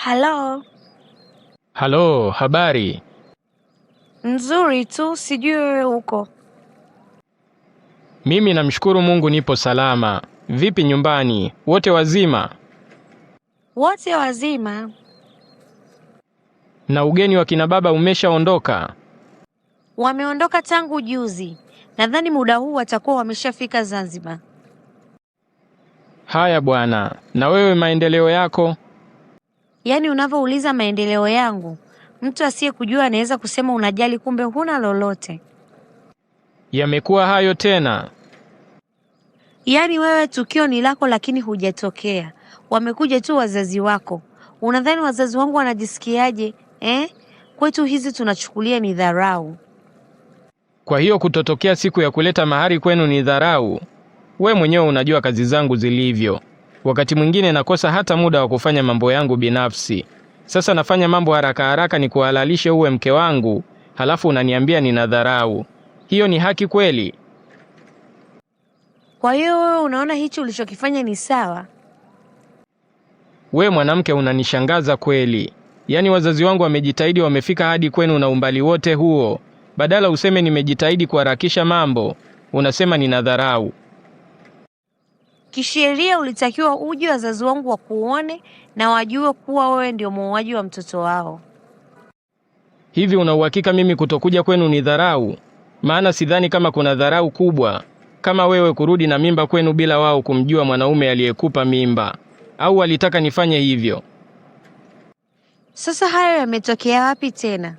Halo. Halo, habari? Nzuri tu, sijui wewe uko? Mimi namshukuru Mungu nipo salama. Vipi nyumbani? Wote wazima? Wote wazima. Na ugeni wa kina baba umeshaondoka? Wameondoka tangu juzi. Nadhani muda huu watakuwa wameshafika Zanzibar. Haya bwana, na wewe maendeleo yako? Yaani unavyouliza maendeleo yangu, mtu asiyekujua anaweza kusema unajali, kumbe huna lolote. Yamekuwa hayo tena? Yaani wewe tukio ni lako, lakini hujatokea, wamekuja tu wazazi wako. Unadhani wazazi wangu wanajisikiaje eh? Kwetu hizi tunachukulia ni dharau. Kwa hiyo kutotokea siku ya kuleta mahari kwenu ni dharau? We mwenyewe unajua kazi zangu zilivyo. Wakati mwingine nakosa hata muda wa kufanya mambo yangu binafsi. Sasa nafanya mambo haraka haraka ni kuhalalisha uwe mke wangu, halafu unaniambia nina dharau. Hiyo ni haki kweli? Kwa hiyo wewe unaona hichi ulichokifanya ni sawa? We mwanamke, unanishangaza kweli. Yaani wazazi wangu wamejitahidi, wamefika hadi kwenu na umbali wote huo, badala useme nimejitahidi kuharakisha mambo, unasema nina dharau. Kisheria ulitakiwa uje wazazi wangu wakuone na wajue kuwa wewe ndio muuaji wa mtoto wao. Hivi una uhakika mimi kutokuja kwenu ni dharau? Maana sidhani kama kuna dharau kubwa kama wewe kurudi na mimba kwenu bila wao kumjua mwanaume aliyekupa mimba, au walitaka nifanye hivyo? Sasa hayo yametokea wapi tena?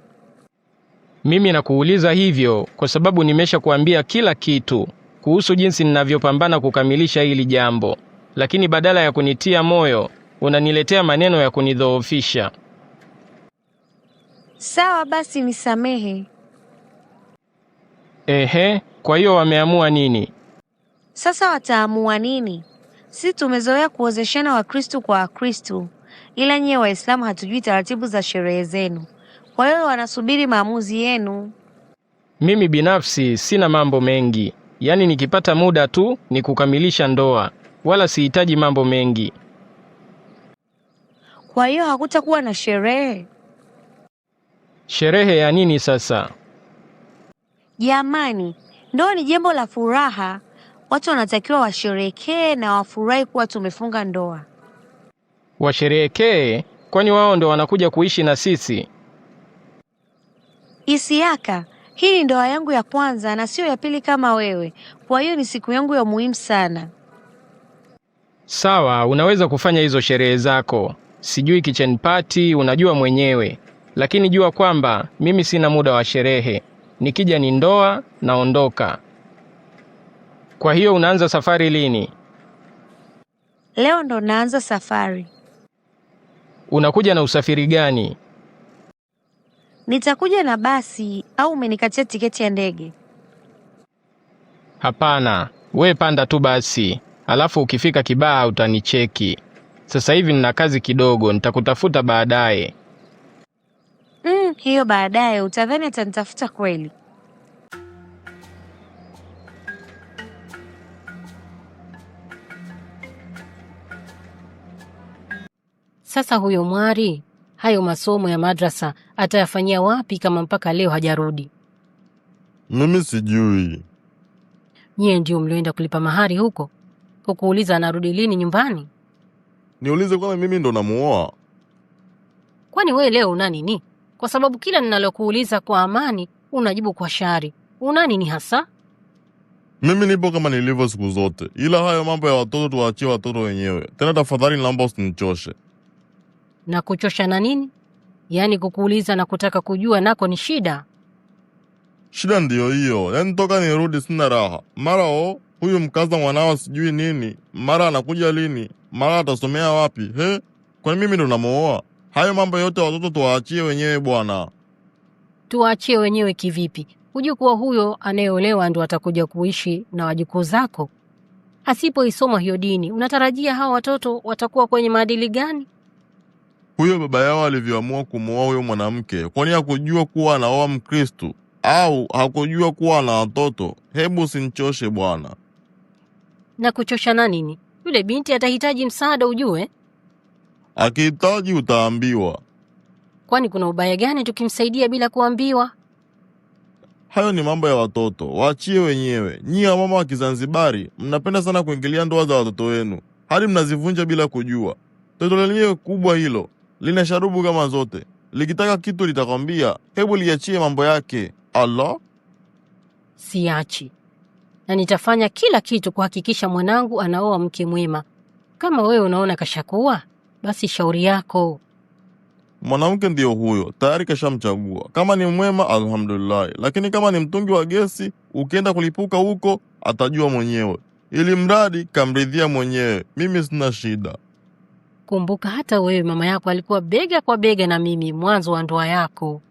Mimi nakuuliza hivyo kwa sababu nimeshakuambia kila kitu kuhusu jinsi ninavyopambana kukamilisha hili jambo, lakini badala ya kunitia moyo unaniletea maneno ya kunidhoofisha. Sawa basi, nisamehe. Ehe, kwa hiyo wameamua nini sasa? Wataamua nini? Si tumezoea kuozeshana Wakristu kwa Wakristu, ila nyiye Waislamu hatujui taratibu za sherehe zenu, kwa hiyo wanasubiri maamuzi yenu. Mimi binafsi sina mambo mengi yaani nikipata muda tu ni kukamilisha ndoa, wala sihitaji mambo mengi. Kwa hiyo hakutakuwa na sherehe? Sherehe ya nini sasa? Jamani, ndoa ni jambo la furaha, watu wanatakiwa washerekee na wafurahi kuwa tumefunga ndoa. Washerehekee? Kwani wao ndo wanakuja kuishi na sisi? Isiaka, hii ni ndoa yangu ya kwanza na sio ya pili kama wewe, kwa hiyo ni siku yangu ya muhimu sana. Sawa, unaweza kufanya hizo sherehe zako, sijui kitchen party, unajua mwenyewe, lakini jua kwamba mimi sina muda wa sherehe. Nikija ni ndoa, naondoka. Kwa hiyo unaanza safari lini? Leo ndo naanza safari. Unakuja na usafiri gani? nitakuja na basi au umenikatia tiketi ya ndege? Hapana, we panda tu basi, alafu ukifika Kibaha utanicheki. Sasa hivi nina kazi kidogo, nitakutafuta baadaye. Mm, hiyo baadaye utadhani atanitafuta kweli. Sasa huyo mwari hayo masomo ya madrasa atayafanyia wapi kama mpaka leo hajarudi? Mimi sijui. Nyie ndio mlioenda kulipa mahari huko? Kukuuliza anarudi lini nyumbani? Niulize kwamba mimi ndo namuoa? Kwani wewe leo una nini? Kwa sababu kila ninalokuuliza kwa amani unajibu kwa shari. Una nini hasa? Mimi nipo kama nilivyo siku zote, ila hayo mambo ya watoto tuwaachie watoto wenyewe. Tena tafadhali, naomba usinichoshe na kuchosha na nini? Yaani kukuuliza na kutaka kujua nako ni shida. Shida ndiyo hiyo, yaani toka nirudi sina raha. Mara o huyu mkaza mwanao sijui nini, mara anakuja lini, mara atasomea wapi? He, kwani mimi ndo namooa? Hayo mambo yote watoto tuwaachie wenyewe bwana. Tuwaachie wenyewe kivipi? Hujui kuwa huyo anayeolewa ndo atakuja kuishi na wajukuu zako? Asipoisoma hiyo dini, unatarajia hawa watoto watakuwa kwenye maadili gani? huyo baba yao alivyoamua kumwoa huyo mwanamke, kwani hakujua kuwa anaoa Mkristo au hakujua kuwa ana watoto? Hebu simchoshe bwana. Na kuchoshana nini? Yule binti atahitaji msaada, ujue. Akihitaji utaambiwa. Kwani kuna ubaya gani tukimsaidia bila kuambiwa? Hayo ni mambo ya watoto, waachie wenyewe. Nyie wamama wa Kizanzibari mnapenda sana kuingilia ndoa za watoto wenu, hadi mnazivunja bila kujua. Toto lenyewe kubwa hilo, lina sharubu kama zote, likitaka kitu litakwambia, hebu liachie mambo yake. Allah, siachi na nitafanya kila kitu kuhakikisha mwanangu anaoa mke mwema. Kama wewe unaona kashakuwa, basi shauri yako. Mwanamke ndiyo huyo, tayari kashamchagua. Kama ni mwema, alhamdulillah, lakini kama ni mtungi wa gesi, ukienda kulipuka huko, atajua mwenyewe, ili mradi kamridhia mwenyewe. Mimi sina shida kukumbuka hata wewe mama yako alikuwa bega kwa bega na mimi mwanzo wa ndoa yako.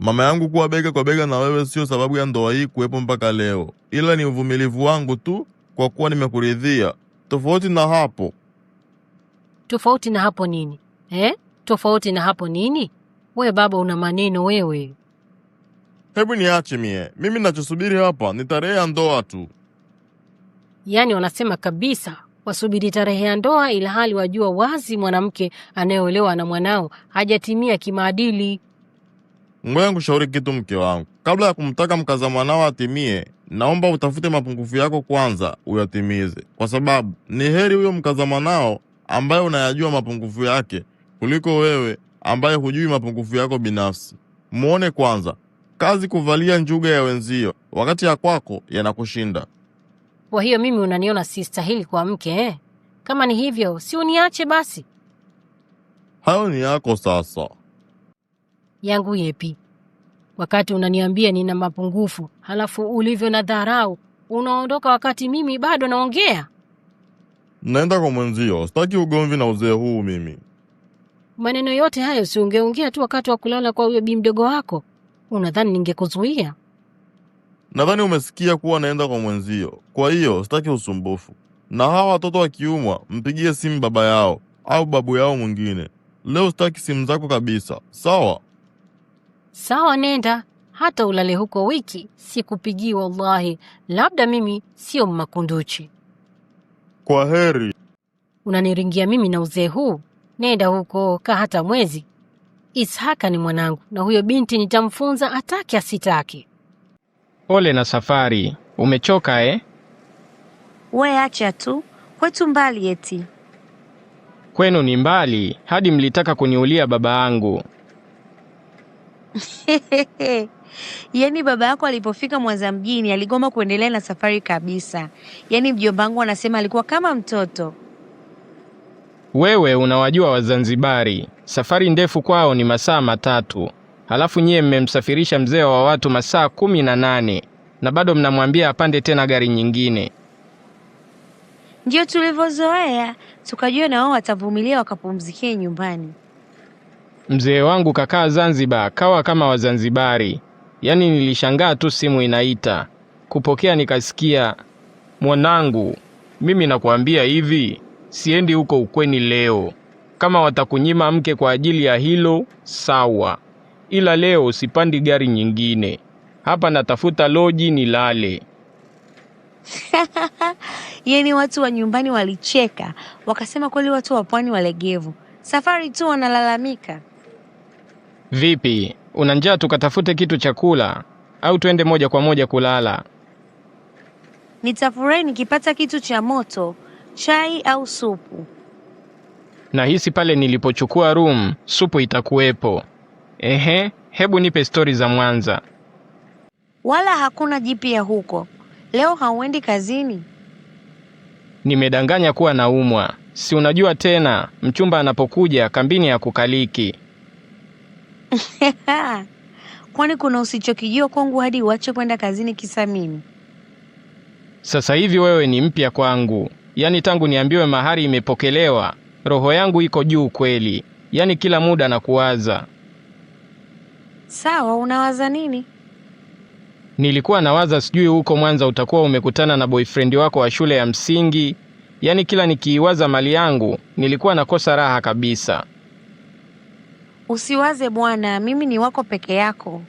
Mama yangu kuwa bega kwa bega na wewe sio sababu ya ndoa hii kuwepo mpaka leo, ila ni uvumilivu wangu tu kwa kuwa nimekuridhia. Tofauti na hapo tofauti na hapo nini eh? Tofauti na hapo nini? We baba, una maneno wewe. Hebu niache mie, mimi nachosubiri hapa ni tarehe ya ndoa tu. Yaani wanasema kabisa wasubiri tarehe ya ndoa ilhali wajua wazi mwanamke anayeolewa na mwanao hajatimia kimaadili. Ngoja nikushauri kitu, mke wangu. Kabla ya kumtaka mkaza mwanao atimie, naomba utafute mapungufu yako kwanza uyatimize, kwa sababu ni heri huyo mkaza mwanao ambaye unayajua mapungufu yake kuliko wewe ambaye hujui mapungufu yako binafsi. Muone kwanza, kazi kuvalia njuga ya wenzio wakati ya kwako yanakushinda. Kwa hiyo mimi unaniona sistahili kwa mke eh? Kama ni hivyo, si uniache basi. Hayo ni yako sasa. Yangu yepi? Wakati unaniambia nina mapungufu, halafu ulivyo na dharau, unaondoka wakati mimi bado naongea. Naenda kwa mwenzio, sitaki ugomvi na uzee huu mimi. Maneno yote hayo si ungeongea tu wakati wa kulala kwa huyo bi mdogo wako? Unadhani ningekuzuia? Nadhani umesikia kuwa naenda kwa mwenzio, kwa hiyo sitaki usumbufu. Na hawa watoto wakiumwa, mpigie simu baba yao au babu yao mwingine. Leo sitaki simu zako kabisa, sawa? Sawa, nenda hata ulale huko wiki, sikupigii wallahi. Labda mimi sio Mmakunduchi. Kwa heri. Unaniringia mimi na uzee huu? Nenda huko, kaa hata mwezi. Ishaka ni mwanangu, na huyo binti nitamfunza atake asitake. Pole na safari, umechoka eh? We acha tu, kwetu mbali eti. Kwenu ni mbali, hadi mlitaka kuniulia baba yangu. Yaani baba yako alipofika Mwanza mjini aligoma kuendelea na safari kabisa. Yaani mjomba wangu anasema alikuwa kama mtoto. Wewe unawajua Wazanzibari, safari ndefu kwao ni masaa matatu halafu nyie mmemsafirisha mzee wa watu masaa kumi na nane na bado mnamwambia apande tena gari nyingine. Ndio tulivyozoea, tukajua na wao watavumilia wakapumzikie nyumbani. Mzee wangu kakaa Zanzibar, kawa kama Wazanzibari. Yaani nilishangaa tu, simu inaita, kupokea nikasikia, mwanangu, mimi nakuambia hivi, siendi huko ukweni leo. Kama watakunyima mke kwa ajili ya hilo, sawa, ila leo sipandi gari nyingine. Hapa natafuta loji nilale. Yaani watu wa nyumbani walicheka, wakasema kweli watu wa pwani walegevu, safari tu wanalalamika. Vipi, una njaa? Tukatafute kitu cha kula au tuende moja kwa moja kulala? Nitafurahi nikipata kitu cha moto, chai au supu. Nahisi pale nilipochukua room supu itakuwepo. Ehe, hebu nipe stori za Mwanza. Wala hakuna jipya huko. Leo hauendi kazini? Nimedanganya kuwa naumwa, si unajua tena, mchumba anapokuja kambini ya kukaliki. Kwani kuna usichokijua kwangu hadi uache kwenda kazini kisa mimi? Sasa hivi wewe ni mpya kwangu, yaani tangu niambiwe mahari imepokelewa, roho yangu iko juu kweli, yaani kila muda nakuwaza. Sawa, unawaza nini? Nilikuwa nawaza sijui huko Mwanza utakuwa umekutana na boyfriend wako wa shule ya msingi. Yaani kila nikiiwaza mali yangu nilikuwa nakosa raha kabisa. Usiwaze bwana, mimi ni wako peke yako.